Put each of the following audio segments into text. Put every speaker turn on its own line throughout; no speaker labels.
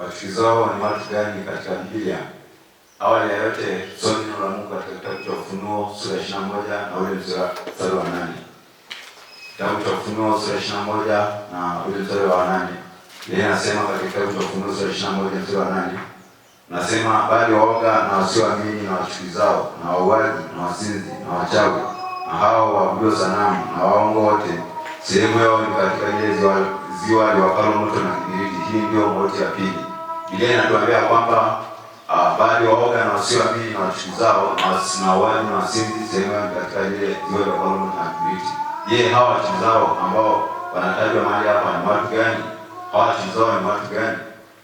Watizao ni watu gani katika Biblia? Awali ya yote somo neno la Mungu katika kitabu cha Ufunuo sura ya 21 na ule mstari wa 8. Kitabu cha Ufunuo sura ya 21 na ule mstari wa 8. Yeye anasema katika kitabu cha Ufunuo sura ya moja mstari wa 8. Nasema bali waoga na wasioamini na wachukizi na wauaji na wasinzi na wachawi na hao waabudu sanamu na waongo wote sehemu yao ni katika ile ziwa liwakalo moto na kibiriti. Hii ndio mauti ya pili. Biblia inatuambia kwamba uh, ah, bali waoga na wasioamini na nafsi zao na mauaji na wazinzi, sehemu katika ile jiwe la Koloma na Kibiti. Je, hawa watu zao ambao wanatajwa mahali hapa ni watu gani? Hawa watu zao ni watu gani?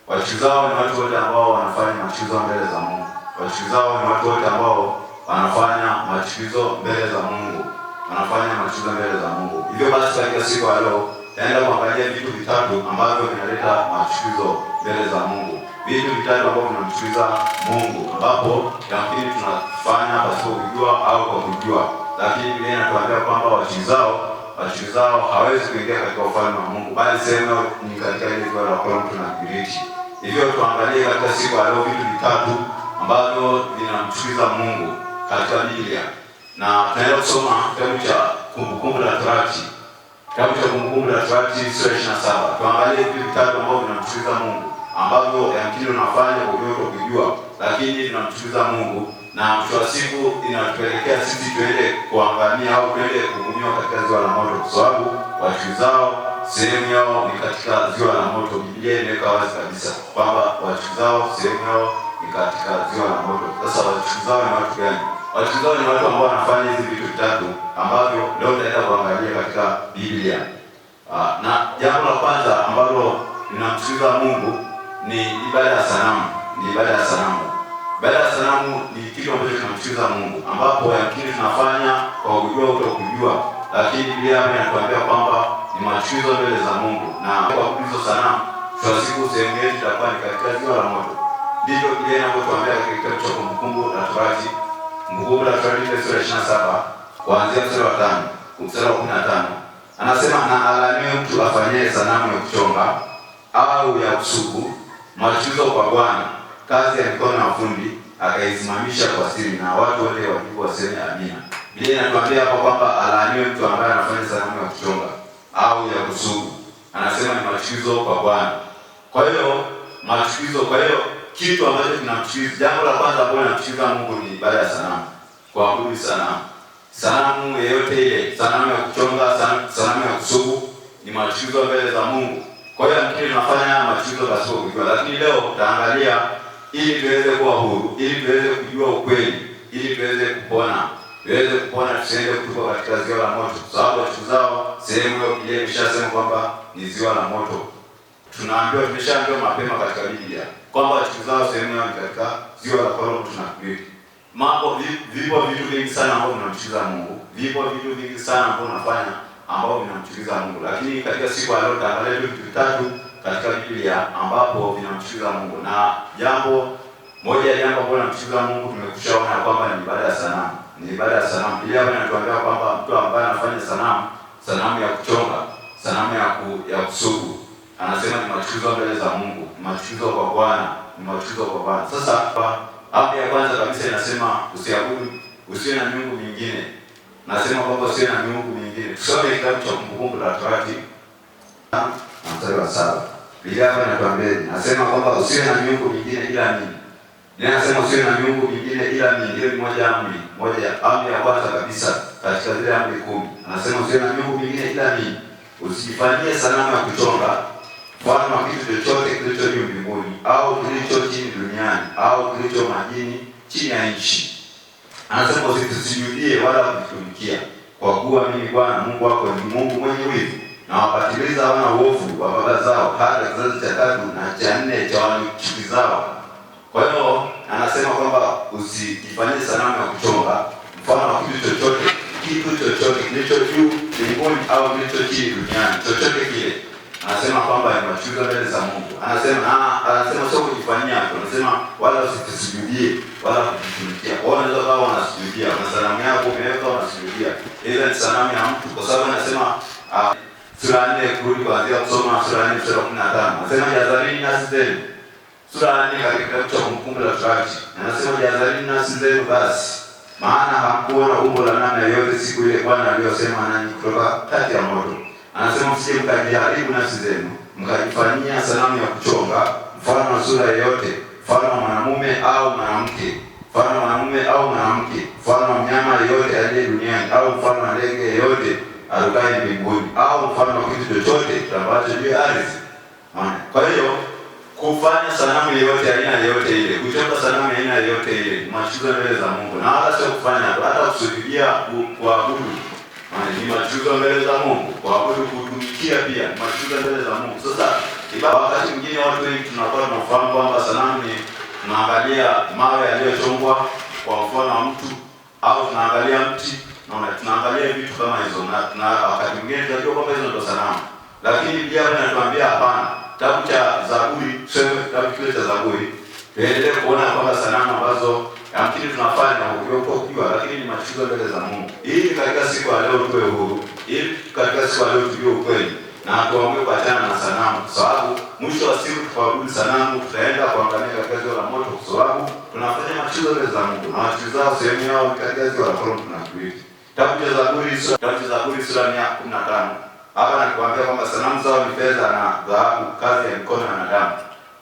Watu zao ni watu wote ambao wanafanya machukizo mbele za Mungu. Watu zao ni watu wote ambao wanafanya machukizo mbele za Mungu, wanafanya machukizo mbele za Mungu. Hivyo basi katika siku ya leo, naenda kuangalia vitu vitatu ambavyo vinaleta machukizo mbele za Mungu vitu vitatu ambavyo vinamtukiza Mungu, ambapo yamkini tunafanya pasipo kujua au kwa kujua, lakini Biblia inatuambia kwamba wachizao wachizao hawezi kuingia katika ufalme wa Mungu, bali sema ni katika ile kwa la kwa mtu na kibiriti. Hivyo tuangalie katika siku ya leo vitu vitatu ambavyo vinamtukiza Mungu katika Biblia, na tunaenda kusoma kitabu cha Kumbukumbu la Torati, kitabu cha Kumbukumbu la Torati sura ya 27. Tuangalie vitu vitatu ambavyo vinamtukiza Mungu ambavyo yamkini unafanya kwa kwa kujua, lakini tunamchukiza Mungu na mwisho wa siku inatupelekea sisi tuende kuangamia au tuende kuhukumiwa katika ziwa la moto, kwa sababu wachukizao sehemu yao ni katika ziwa la moto. Biblia imeweka wazi kabisa kwamba wachukizao sehemu yao ni katika ziwa la moto. Sasa wachukizao ni watu gani? Wachukizao ni watu ambao wanafanya hizi vitu vitatu ambavyo leo tutaenda kuangalia katika Biblia. Ah, na jambo la kwanza ambalo linamchukiza Mungu ni ibada ya sanamu, ni ibada ya sanamu. Ibada ya sanamu ni kitu ambacho kinamchukiza Mungu, ambapo yamkini tunafanya kwa kujua au kutokujua, lakini Biblia hapa inatuambia kwamba ni machukizo mbele za Mungu, na kwa kuizo sanamu kwa siku sehemu yetu itakuwa ni katika ziwa la moto. Ndivyo Biblia inavyotuambia katika kitabu cha Kumbukumbu la Torati, Kumbukumbu la Torati sura ya 27 kuanzia mstari wa 5 mstari wa 15 anasema, na alaniwe mtu afanyaye sanamu ya kuchonga au ya kusubu Mwachuzo kwa Bwana, kazi ya mkono wa fundi akaisimamisha kwa siri, na watu wote wajibu waseme amina. Biblia inatuambia hapa kwamba alaaniwe mtu ambaye anafanya sanamu ya kuchonga au ya kusubu, anasema ni machukizo kwa Bwana. Kwa hiyo machukizo, kwa hiyo kitu ambacho kinamchukiza, jambo la kwanza ambalo linamchukiza Mungu ni ibada ya sanamu, kuabudu sanamu. Sanamu yeyote ile, sanamu ya kuchonga, sanamu ya kusubu, ni machukizo mbele za Mungu. Kwa hiyo nafikiri tunafanya matizo machukizo pasipo kujua, lakini leo tutaangalia ili tuweze kuwa huru, ili tuweze kujua ukweli, ili tuweze kupona, tuweze kupona, tusiende kutupa katika ziwa la moto, sababu watuzao sehemu hiyo kile imeshasema kwamba ni ziwa la moto. Tunaambiwa, tumeshaambiwa mapema katika Biblia kwamba watuzao sehemu hiyo ni katika ziwa la moto. Tunafikiri mambo vipo, vitu vingi sana ambavyo tunamchukiza Mungu, vipo vitu vingi sana ambavyo tunafanya ambao vinamchukiza Mungu, lakini katika siku ya leo tutaangalia vitu vitatu katika Biblia ambapo vinamchukiza Mungu, na jambo moja ya jambo ambalo linamchukiza Mungu tumekushaona kwamba ni ibada ya sanamu. Ni ibada ya sanamu. Biblia hapa inatuambia kwamba mtu ambaye anafanya sanamu, sanamu ya kuchonga, sanamu ya ku, ya kusubu, anasema ni machukizo mbele za Mungu, ni machukizo kwa Bwana, ni machukizo kwa Bwana. Sasa hapa ya kwanza kabisa inasema usiabudu, usiwe na miungu mingine nasema kwamba sio na miungu mingine. Tusome kitabu cha Kumbukumbu la Torati na mstari wa saba. Biblia hapa inatuambia, nasema kwamba usiwe na miungu mingine ila mimi. Ni nasema usiwe na miungu mingine ila mimi. Hiyo moja amri, moja ya amri ya kwanza kabisa katika zile amri kumi. Anasema usiwe na miungu mingine ila mimi. Usijifanyie sanamu ya kuchonga mfano wa kitu chochote kilicho juu mbinguni au kilicho chini duniani au kilicho majini chini ya nchi. Anasema usisujudie wala kutumikia, kwa kuwa mimi Bwana Mungu wako ni Mungu mwenye wivu, na wapatiliza wana uovu wa baba zao hata kizazi cha tatu na cha nne cha wanichukizao. Kwa hiyo anasema kwamba usijifanyie sanamu ya kuchonga mfano wa kitu chochote, kitu chochote kilicho juu mbinguni au kilicho chini duniani, chochote kile anasema kwamba ni niwachukiza mbele za Mungu. Anasema ah, anasema sio kujifanyia, anasema wala usitusujudie wala kujitumikia. hiyo wanaweza wao wanasujudia, na sanamu yako umeweka wanasujudia. Ile ni sanamu ya mtu kwa sababu anasema ah, sura ya 4 kurudi kuanzia kusoma sura ya 4 mstari ya 15. Anasema jazalini nafsi zenu. Sura ya 4 katika kitabu cha Kumbukumbu la Torati. Anasema jazalini na zenu basi maana hamkuona umbo la namna yote siku ile Bwana aliyosema nanyi kutoka kati ya moto anasema msije mkajiharibu nafsi zenu mkajifanyia sanamu ya kuchonga mfano wa sura yoyote, mfano wa mwanamume au mwanamke, mfano wa mwanamume au mwanamke, mfano wa mnyama yoyote aliye duniani au mfano wa ndege yoyote arukaye mbinguni au mfano wa kitu chochote ambacho juu ya ardhi. Kwa hiyo kufanya sanamu yoyote aina yoyote ile, kuchonga sanamu aina yoyote ile, machukizo mbele za Mungu, na hata sio kufanya hata kusujudia kuabudu ni machukizo mbele za Mungu, kwa kweli kutumikia pia machukizo mbele za Mungu. Sasa ibada, wakati mwingine watu wengi tunakuwa tunafahamu kwamba sanamu ni tunaangalia mawe yaliyochongwa kwa mfano wa mtu au tunaangalia mti, naona tunaangalia vitu kama hizo, na wakati mwingine tunajua kwamba hizo ndio sanamu, lakini pia inatuambia hapana. Kitabu cha Zaburi, tuseme kitabu kile cha Zaburi, tuendelee kuona kwamba sanamu ambazo lakini tunafanya uliopokujua, lakini ni machukizo mbele za Mungu, ili katika siku ya leo tuwe huru, ili katika siku ya leo tujue ukweli na tuamue kuachana na sanamu, kwa sababu mwisho wa siku tukaabudi sanamu, tutaenda kuangamia katika ziwa la moto, kwa sababu tunafanya machukizo mbele za Mungu na wachukizao sehemu yao katika ziwa la moto. Tunakuita kitabu cha Zaburi, kitabu cha Zaburi sura ya 15 hapa nakuambia kwamba sanamu zao ni fedha na dhahabu, kazi ya mkono wa wanadamu.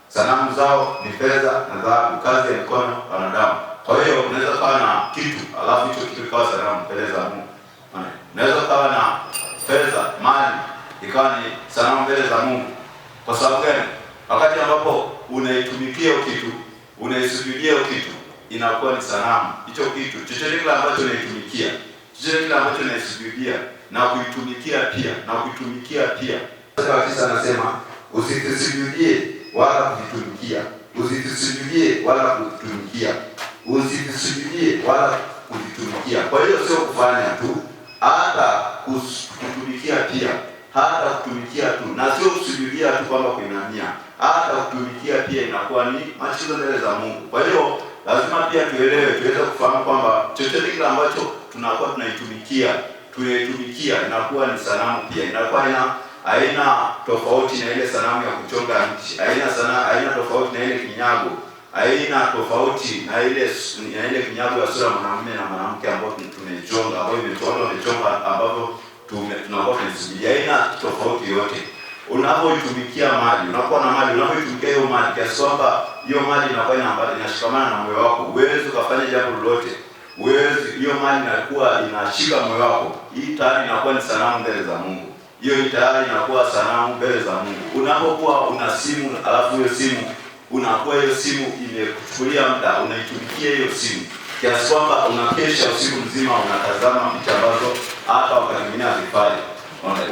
Sanamu zao ni fedha na dhahabu, kazi ya mkono wa wanadamu. Kwa hiyo unaweza kuwa na kitu alafu hicho kitu kikawa sanamu mbele za Mungu. Unaweza kuwa na fedha, mali ikawa ni sanamu mbele za Mungu. Kwa sababu gani? Wakati ambapo unaitumikia kitu, unaisujudia kitu, inakuwa ni sanamu. Hicho kitu chochote kile ambacho unaitumikia, chochote kile ambacho unaisujudia na kuitumikia pia na kuitumikia pia. Sasa tisa anasema usitusujudie wala kuvitumikia, usitusujudie wala kuvitumikia usivisujulie wala kuvitumikia. Kwa hiyo sio kufanya tu, hata kutumikia pia, hata kutumikia tu, na sio kusujudia tu kwamba kuinamia, hata kutumikia pia inakuwa ni machukizo mbele za Mungu. Kwa hiyo lazima pia tuelewe, tuweze kufahamu kwamba chochote kile ambacho tunakuwa tunaitumikia tunaitumikia inakuwa ni sanamu pia, inakuwa ina aina tofauti na ile sanamu ya kuchonga nchi, aina sana aina tofauti na ile kinyago aina tofauti na ile na ile kinyago ya sura mwanamume na mwanamke ambao tumechonga ambayo imechonga imechonga ambapo tunakuwa tunasubiria aina tofauti yote. Unapoitumikia mali, unakuwa na mali, unapoitumikia hiyo mali kiasi kwamba hiyo mali inakuwa inaambatana inashikamana na moyo wako, uwezo ukafanya jambo lolote, uwezo hiyo mali inakuwa inashika moyo wako. Hii tayari inakuwa ni sanamu mbele za Mungu hiyo tayari inakuwa sanamu mbele za Mungu. Unapokuwa una simu alafu hiyo simu unakuwa hiyo simu imekuchukulia muda, unaitumikia hiyo simu kiasi kwamba unakesha usiku mzima unatazama picha ambazo hata wakati mwingine hazifai,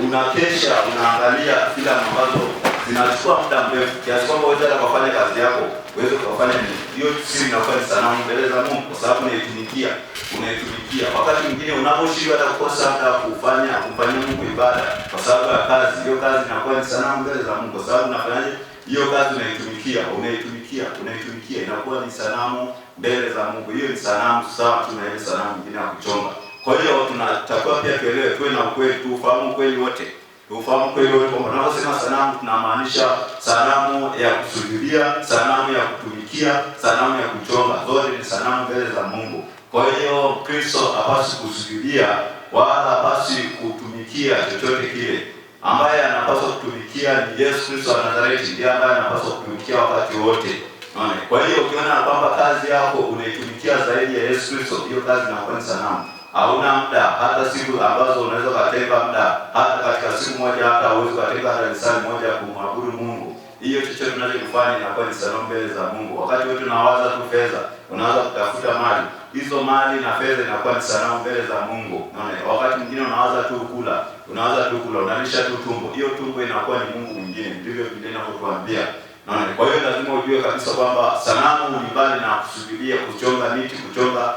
unakesha unaangalia filamu ambazo zinachukua muda mrefu kiasi kwamba wewe hata kufanya kazi yako uweze kufanya. Hiyo simu inakuwa ni sanamu mbele za Mungu, kwa sababu unaitumikia, unaitumikia. Wakati mwingine unaposhindwa hata kukosa hata kufanya kumfanyia Mungu ibada kwa sababu ya kazi, hiyo kazi inakuwa ni sanamu mbele za Mungu, kwa sababu unafanyaje hiyo kazi unaitumikia unaitumikia unaitumikia, inakuwa ni sanamu mbele za Mungu. Hiyo ni sanamu sawa tu na ile sanamu nyingine ya kuchonga. Kwa hiyo tunatakiwa pia tuelewe, tuwe na ukweli, tuufahamu kweli wote, ufahamu kweli wote. Tunaposema sanamu, tunamaanisha sanamu ya kusujudia, sanamu ya kutumikia, sanamu ya kuchonga, zote ni sanamu mbele za Mungu. Kwa hiyo Kristo hapaswi kusujudia wala hapaswi kutumikia chochote kile ambaye anapaswa kutumikia ni Yesu Kristo wa Nazareti, ndiye ambaye anapaswa kutumikia wakati wote. Amen. Kwa hiyo ukiona kwamba kazi yako unaitumikia zaidi ya Yesu Kristo, hiyo kazi inakuwa ni sanamu. Hauna muda, hata siku ambazo unaweza ukatenga muda, hata katika siku moja, hata huwezi kutenga hata lisali moja ya kumwabudu Mungu. Hiyo chochote unachokifanya inakuwa ni sanamu mbele za Mungu. Wakati wote unawaza tu fedha, unaanza kutafuta mali hizo mali na fedha inakuwa ni sanamu mbele za Mungu. Unaona, wakati mwingine unawaza tu kula, unawaza tu kula, unalisha tu tumbo, hiyo tumbo inakuwa ni Mungu mwingine, ndivyo vile ninavyokuambia. Unaona, kwa hiyo lazima ujue kabisa kwamba sanamu ni mbali na kusubiria kuchonga miti, kuchonga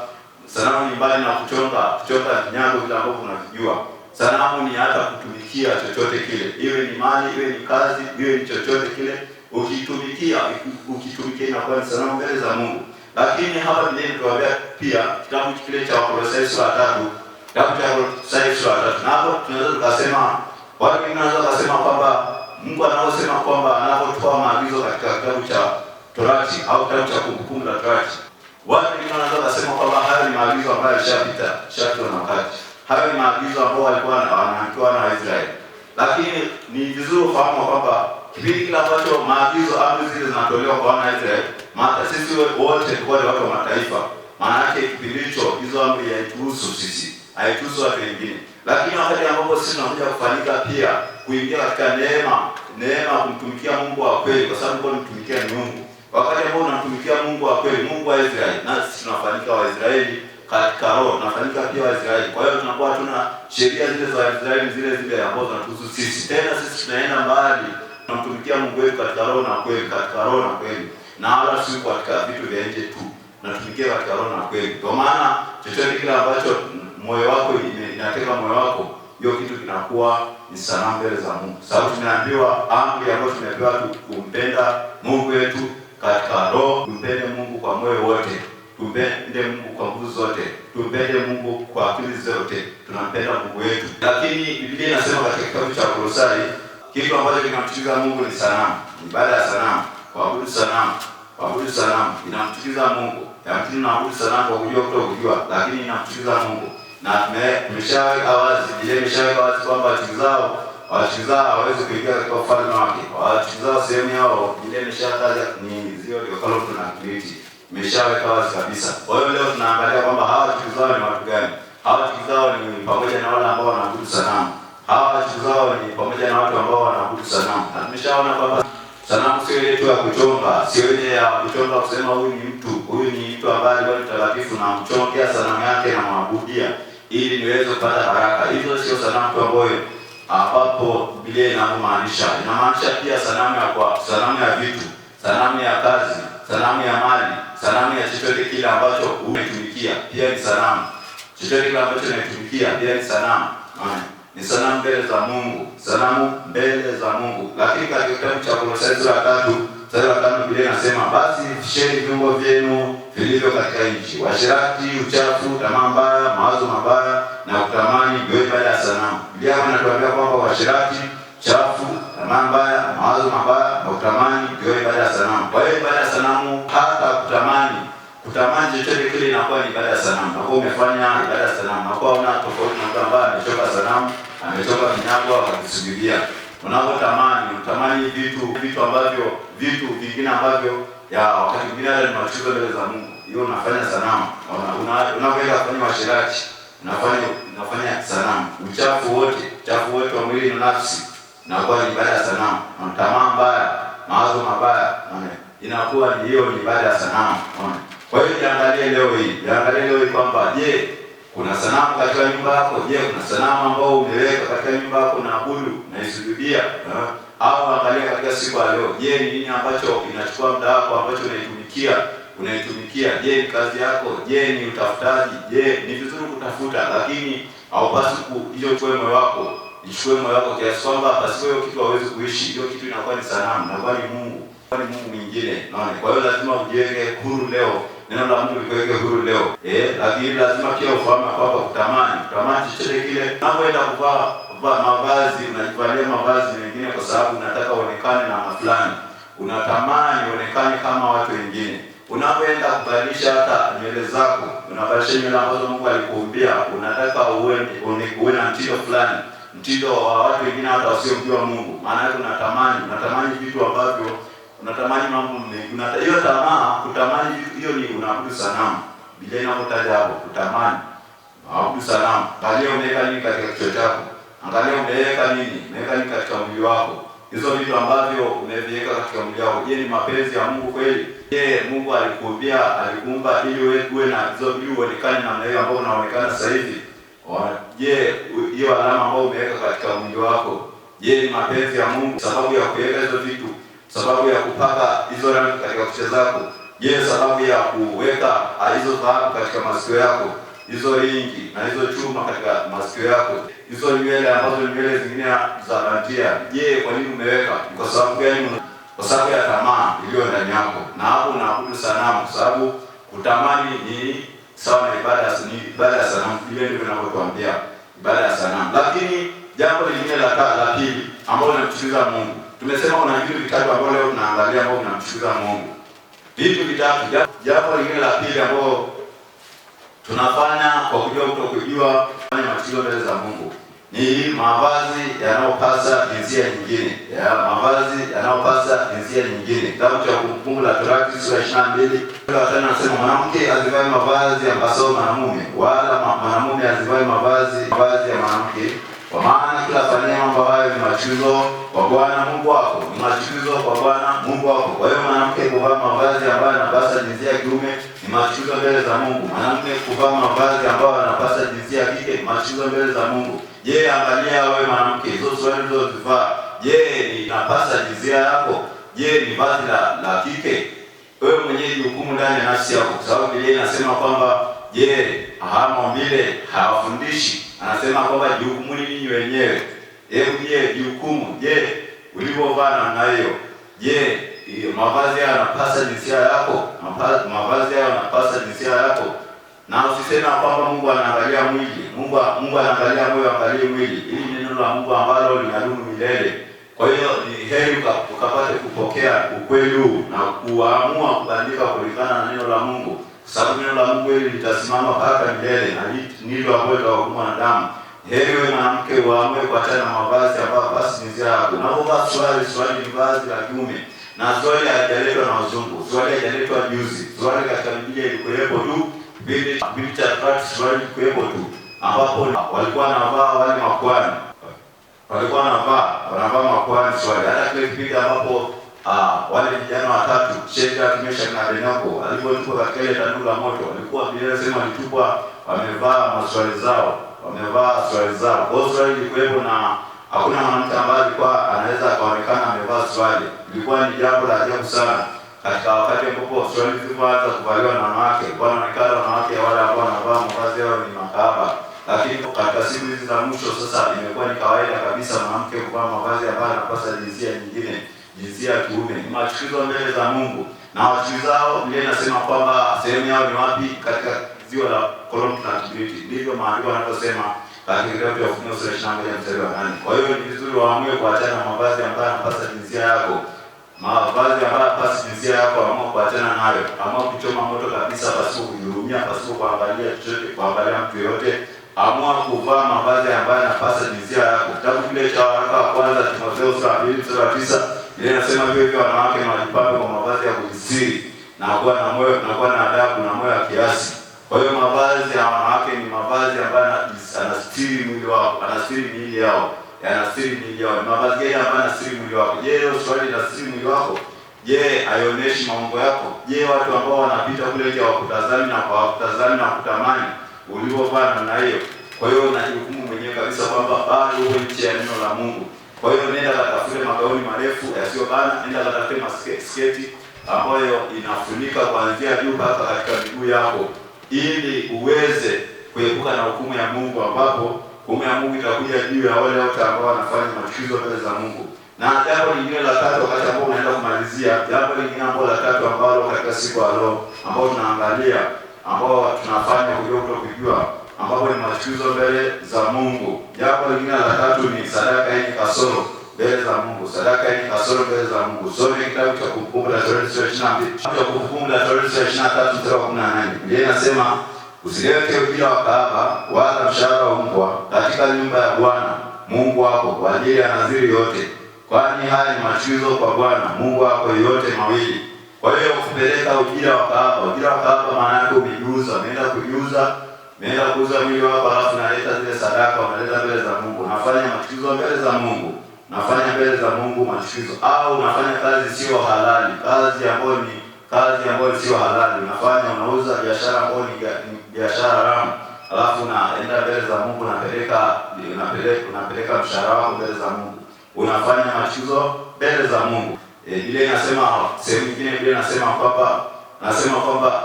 sanamu ni mbali na kuchonga kuchonga vinyago vile ambavyo unavijua. Sanamu ni hata kutumikia chochote kile, iwe ni mali, iwe ni kazi, iwe ni chochote kile, ukitumikia ukitumikia inakuwa ni sanamu mbele za Mungu. Lakini hapa Biblia inatuambia pia kitabu kile cha Wakolosai sura ya tatu, kitabu cha Wakolosai sura ya tatu, na hapo tunaweza tukasema, watu wengine wanaweza kusema kwamba Mungu anaosema kwamba anapotoa maagizo katika kitabu cha Torati au kitabu cha Kumbukumbu la Torati, watu wengine wanaweza kusema kwamba hayo ni maagizo ambayo yalishapita, yalishapitwa na wakati. Hayo ni maagizo ambayo walikuwa wanaandikiwa na Waisraeli, lakini ni vizuri kufahamu kwamba Hili kila ambacho maagizo amri zile zinatolewa kwa wana Israeli, maana sisi wote tulikuwa watu wa mataifa. Maana yake kipindi hizo amri haituhusu sisi, haituhusu watu wengine. Lakini wakati ambapo sisi tunakuja kufanyika pia kuingia katika neema, neema kumtumikia Mungu wa kweli, kwa sababu kwa mtumikia ni Mungu. Wakati ambao unamtumikia Mungu wa kweli, Mungu wa Israeli, na sisi tunafanyika Waisraeli katika roho, tunafanyika pia Waisraeli. Kwa hiyo tunakuwa tuna sheria zile za Waisraeli zile zile ambazo zinatuhusu sisi. Tena sisi tunaenda mbali tunamtumikia Mungu wetu katika roho na kweli, katika roho na kweli, na wala si katika vitu vya nje tu, na tumikie katika roho na kweli. Kwa maana chochote kile ambacho moyo wako inateka moyo wako, hiyo kitu kinakuwa ni sanamu mbele za Mungu, sababu tumeambiwa amri ambayo tumepewa kumpenda Mungu wetu katika roho, tumpende Mungu kwa moyo wote tumpende Mungu kwa nguvu zote, tumpende Mungu kwa akili zote, tunampenda Mungu wetu. Lakini Biblia inasema katika kitabu cha Kolosai kitu ambacho kinamchukiza Mungu ni sanamu, ni ibada ya sanamu, kuabudu sanamu, kuabudu sanamu inamchukiza Mungu. Lakini naabudu sanamu kwa kujua kuto kujua, lakini inamchukiza Mungu, na tumeshaweka wazi, Biblia imeshaweka wazi kwamba wachukizao wachukizao hawezi kuingia katika ufalme wake. Wachukizao sehemu yao, Biblia imeshataja ni zio likakalo na imeshaweka wazi kabisa. Kwa hiyo wanasema huyu ni mtu, huyu ni mtu ambaye alikuwa mtakatifu na mchongea sanamu yake na mwabudia ili niweze kupata baraka. Hizo sio sanamu ambayo ambapo Biblia inamaanisha. Inamaanisha pia sanamu ya kwa sanamu ya vitu, sanamu ya kazi, sanamu ya mali, sanamu ya chochote kile ambacho umetumikia pia ni sanamu. Chochote kile ambacho umetumikia pia ni sanamu. Amen ni sanamu mbele za Mungu, sanamu mbele za Mungu. Lakini katika kitabu cha Kolosai sura ya tatu sasa kama vile inasema basi visheni viungo vyenu vilivyo katika nchi, washirati, uchafu, tamaa mbaya, mawazo mabaya na kutamani viwe baada ya sanamu. Biblia hapa inatuambia kwamba washirati, uchafu, tamaa mbaya, mawazo mabaya na kutamani viwe baada ya sanamu. Kwa hiyo baada ya sanamu, hata kutamani kutamani chochote kile inakuwa ni ibada ya sanamu. Hapo umefanya ibada ya sanamu, hapo una tofauti na mtu ambaye amechoka sanamu, amechoka vinyago akasujudia tunavyotamani utamani vitu vitu ambavyo vitu vingine ambavyo ya wakati mwingine hata ni matatizo mbele za Mungu. Hiyo unafanya sanamu, unaweza kufanya masherati, unafanya unafanya sanamu. Uchafu wote uchafu wote wa mwili na nafsi unakuwa ni ibada ya sanamu, na tamaa mbaya, mawazo mabaya, inakuwa ni hiyo ni ibada ya sanamu, Kwa hiyo jiangalie leo hii, jiangalie leo hii kwamba je, kuna sanamu katika nyumba yako? Je, kuna sanamu ambao umeweka katika nyumba yako na abudu na isujudia? Au angalia katika siku ya leo, je, ni nini ambacho kinachukua muda wako ambacho unaitumikia unaitumikia? Je, ni kazi yako? Je, ni utafutaji? Je, ni vizuri kutafuta, lakini haupasi hiyo chukue moyo wako ichukue moyo wako kiasi kwamba basi hiyo kitu hawezi kuishi, hiyo kitu inakuwa ni sanamu, inakuwa ni mungu, ni mungu mwingine. Naona kwa hiyo lazima ujiweke huru leo neno la mtu likuweke huru leo eh, lakini lazima pia ufahamu kwamba kutamani kutamani chochote kile, unapoenda kuvaa kuvaa mavazi, unajivalia mavazi mengine kwa sababu unataka uonekane na fulani, unatamani uonekane kama watu wengine. Unapoenda kubadilisha hata nywele zako, unabadilisha nywele ambazo Mungu alikuumbia, unataka uwe uwe na mtindo fulani mtindo wa watu wengine hata wasiomjua Mungu. Maana yake unatamani unatamani vitu ambavyo unatamani mambo mengi, una hiyo tamaa. Kutamani hiyo ni unaabudu sanamu. Biblia inapotaja hapo kutamani, unaabudu sanamu. Bali unaweka nini katika kichwa chako, angalia unaweka nini, unaweka nini katika mwili wako. Hizo vitu ambavyo umeviweka katika mwili wako, je, ni mapenzi ya Mungu kweli? Je, Mungu alikuumbia, alikuumba ili wewe uwe na hizo vitu, uonekane namna hiyo ambayo unaonekana sasa hivi? Je, hiyo alama ambayo umeweka katika mwili wako, je, ni mapenzi ya Mungu? Sababu ya kuweka hizo vitu sababu ya kupaka hizo rangi katika kucha zako? Je, sababu ya kuweka ah, hizo dhahabu katika masikio yako, hizo ringi na hizo chuma katika masikio yako, hizo nywele ambazo ni nywele zingine za bandia, je, kwa nini umeweka? Kwa sababu gani? Kwa sababu ya tamaa iliyo ndani yako, na hapo unaabudu sanamu, kwa sababu kutamani ni sawa na ibada ni ibada ya sanamu. Ile ndio inavyotuambia ibada ya sanamu. Lakini jambo lingine la pili ambalo linamchukiza Mungu Tumesema kuna vitu vitatu ambavyo leo tunaangalia ambao tunamsikiza Mungu. Vitu vitatu, japo lingine la pili ambao tunafanya kwa kujua mtu kujua kufanya matendo mbele za Mungu ni mavazi yanayopasa jinsia nyingine, ya mavazi yanayopasa jinsia nyingine. Kitabu cha Kumbukumbu la Torati sura ya 22 watano nasema mwanamke azivae mavazi ya mpasao mwanamume, wala mwanamume azivae mavazi mavazi ya mwanamke kwa maana kila fanya mambo hayo ni machukizo kwa Bwana Mungu wako, ni machukizo kwa Bwana Mungu wako. Kwa hiyo mwanamke kuvaa mavazi ambayo anapasa jinsia ya kiume ni machukizo mbele za Mungu. Mwanamke kuvaa mavazi ambayo anapasa jinsia ya kike ni machukizo mbele za Mungu. Je, angalia wewe mwanamke, hizo suruali ulizovaa, je, ni napasa jinsia yako? Je, ni vazi la, la kike? Wewe mwenyewe jukumu ndani ya nafsi yako, kwa sababu Biblia inasema kwamba je, haya maumbile hawafundishi anasema kwamba jukumu ni ninyi wenyewe. Hebu je, jukumu je, ulivyovaa namna hiyo je, mavazi hayo yanapasa jinsia yako? Mavazi hayo yanapasa jinsia yako? Na usisema kwamba Mungu anaangalia mwili. Mungu Mungu anaangalia moyo, angalie mwili. Hili neno la Mungu ambalo linadumu milele. Kwa hiyo ni heri ukapate kupokea ukweli huu na kuamua kubadilika kulingana na neno la Mungu kwa sababu neno la Mungu hili litasimama hata milele, na ndilo ambalo litawahukumu wanadamu. Heri wewe mwanamke, uamue kuachana na mavazi ambayo basi ni zako, na uvaa swali, swali ni vazi la kiume, na suruali haijaletwa na wazungu, suruali haijaletwa juzi. Suruali katika Biblia ilikuwepo tu, Biblia cha Torati, swali ilikuwepo tu, ambapo walikuwa wanavaa wale makwani, walikuwa wanavaa wanavaa makwani swali, hata kile kipindi ambapo Ah, wale vijana watatu Shega Kimesha na Benako alivyokuwa katika ile tanuru la moto walikuwa bila sema walitupwa, wamevaa maswali zao, wamevaa swali zao. Kwa hiyo swali ilikuwepo na hakuna mwanamke ambaye alikuwa anaweza kuonekana amevaa swali. Ilikuwa ni jambo la ajabu sana katika wakati ambapo swali zilipoanza kuvaliwa na wanawake, kwa wanaonekana wanawake wale ambao wanavaa mavazi yao ni makaba. Lakini katika siku hizi za mwisho sasa imekuwa ni kawaida kabisa mwanamke kuvaa mavazi ambayo anapasa jinsia nyingine jinsia ya kiume ni machukizwa mbele za Mungu na zao. Biblia inasema kwamba sehemu yao ni wapi? Katika ziwa la Korinthi na Kibiriti, ndivyo maandiko yanavyosema katika kitabu cha Ufunuo sura ishirini na moja mstari wa nane. Kwa hiyo ni vizuri waamue kuachana na mavazi ambayo yanapasa jinsia yako, mavazi ambayo yanapasa jinsia yako, amua kuachana nayo, amua kuchoma moto kabisa, pasipo kujihurumia, pasipo kuangalia chochote, kuangalia mtu yoyote amua kuvaa mavazi ambayo yanapasa jinsia yako. Kitabu kile cha waraka wa kwanza Timotheo sura mbili mstari wa tisa yeye anasema hivyo hivyo, wanawake na wajipambe kwa mavazi ya kujisiri na kuwa na moyo na kuwa na adabu na moyo wa kiasi. Kwa hiyo mavazi ya wanawake ni mavazi ambayo anastiri mwili wao, anastiri miili yao, yanastiri miili yao. Mavazi gani ambayo anastiri mwili wako? Je, hiyo swali la inastiri mwili wako? Je, haionyeshi maungo yako? Je, watu ambao wanapita kule nje wakutazami na kwa wakutazami na kutamani ulivyovaa namna hiyo? Kwa hiyo unajihukumu mwenyewe kabisa kwamba bado uwe nje ya neno la Mungu. Kwa hiyo nenda katafute magauni marefu yasiyobana, nenda katafute masketi ambayo inafunika kuanzia juu mpaka katika miguu yako, ili uweze kuepuka na hukumu ya Mungu, ambapo hukumu ya Mungu itakuja juu ya wale wote ambao wanafanya machukizo mbele za Mungu. Na jambo lingine la tatu, wakati ambao unaenda kumalizia, jambo lingine ambalo la tatu ambalo katika siku ya leo ambao tunaangalia ambao tunafanya kujua kujua ambapo ni machukizo mbele za Mungu. Jambo lingine la tatu ni sadaka yenye kasoro mbele za Mungu, sadaka yenye kasoro mbele za Mungu. Soma kitabu cha Kumbukumbu la Torati sura ya 22, cha Kumbukumbu la Torati sura ya 23 mstari wa 18. ndiye inasema usilete ujira wa kahaba wala mshahara wa mbwa katika nyumba ya Bwana Mungu wako kwa ajili ya nadhiri yote, kwani haya ni machukizo kwa Bwana Mungu wako yote mawili. Kwa hiyo kupeleka ujira wa kahaba, ujira wa kahaba maana yake umejuza, umeenda kujuza Unaenda kuuza mwili wako, halafu unaleta zile sadaka, wanaleta mbele za Mungu, nafanya machukizo mbele za Mungu, nafanya mbele za Mungu machukizo, au nafanya kazi sio halali, kazi ambayo ni kazi ambayo sio halali unafanya, unauza biashara ambayo ni biashara haramu, alafu unaenda mbele za Mungu, unapeleka unapeleka unapeleka mshahara wako mbele za Mungu, unafanya machukizo mbele za Mungu. Eh, ile inasema sehemu nyingine, ile inasema papa, nasema kwamba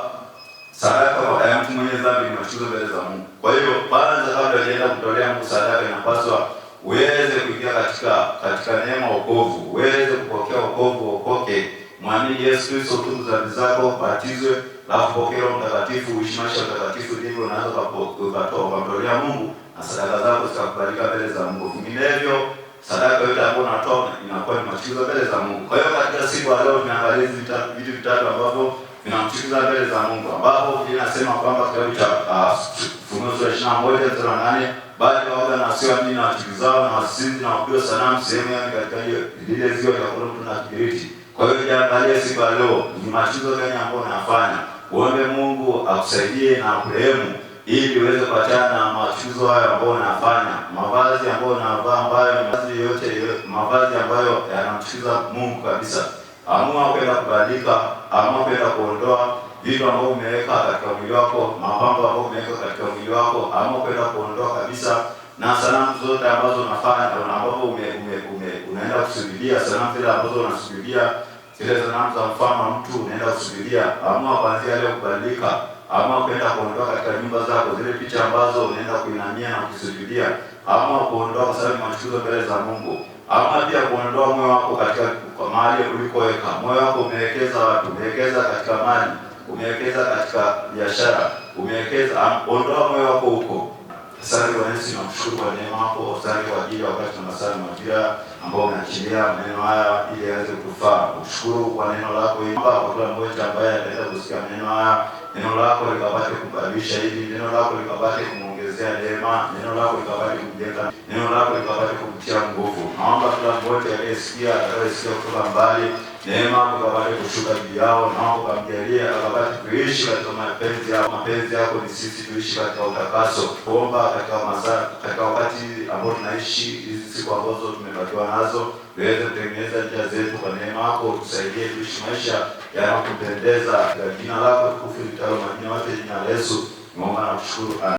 sadaka ya mtu mwenye dhambi ni machukizo mbele za Mungu. Kwa hivyo kwanza, kabla hujaenda kutolea Mungu sadaka, inapaswa uweze kuingia katika katika neema wokovu, uweze kupokea wokovu, wokoke, mwamini Yesu Kristo, utubu dhambi zako, batizwe, alafu pokea Roho Mtakatifu, uishi maisha mtakatifu, ndivyo unaweza ukatoa ukamtolea Mungu na sadaka zako zitakubalika mbele za Mungu. Vinginevyo sadaka yote ambayo unatoa inakuwa ni machukizo mbele za Mungu. Kwa hiyo katika siku ya leo tunaangalia vitu vitatu ambavyo ninamsikiliza mbele za Mungu, ambapo inasema kwamba kitabu cha Ufunuo sura ishirini na moja mstari wa nane bali waoga na wasioamini na wachukizao na wazinzi na wapiga sanamu sehemu yani katika lile ziwa la Korintho na Kiriti. Kwa hiyo jiangalie siku ya leo, ni machuzo gani ambayo unafanya, uombe Mungu akusaidie na kurehemu ili uweze kupatana na machuzo hayo ambayo unafanya, mavazi ambayo unavaa ambayo mavazi yote mavazi ambayo yanamchukiza Mungu kabisa amua kwenda kubadilika, amua kwenda kuondoa vitu ambavyo umeweka katika mwili wako, mapambo ambayo umeweka katika mwili wako, amua kwenda kuondoa kabisa, na sanamu zote ambazo unafanya na ambapo ume, ume, ume, unaenda kusujudia sanamu zile ambazo unasujudia zile sanamu za mfano mtu unaenda kusujudia, amua kuanzia leo kubadilika, amua kwenda kuondoa katika nyumba zako zile picha ambazo unaenda kuinamia na kusujudia, amua kuondoa kwa sababu ni machukizo mbele za Mungu, amua pia kuondoa moyo wako katika kwa mahali ulikoweka moyo wako, umewekeza watu, umewekeza katika mali, umewekeza katika biashara, umewekeza, ondoa moyo wako huko. Asante Bwana Yesu, nakushukuru kwa neema yako, asante kwa ajili ya wakati na masaa majira ambao umeachilia maneno haya ili yaweze kufaa. Ushukuru kwa neno lako hili, kwa kila mmoja ambaye anaweza kusikia maneno haya, neno lako likapate kubadilisha hili, neno lako likapate kutuelezea neema, neno lako likabali kujenga, neno lako likabali kumtia nguvu. Naomba kila mmoja aliyesikia, atakayesikia kutoka mbali, neema ukabali kushuka juu yao, nao ukamjalie akabali kuishi katika mapenzi yako. Mapenzi yako ni sisi tuishi katika utakaso, kuomba katika masaa, katika wakati ambao tunaishi hizi siku ambazo tumepatiwa nazo tuweze kutengeneza njia zetu kwa neema yako, tusaidie tuishi maisha yanakupendeza. Kwa jina lako tukufu litalo majina yote, jina la Yesu, naomba na kushukuru.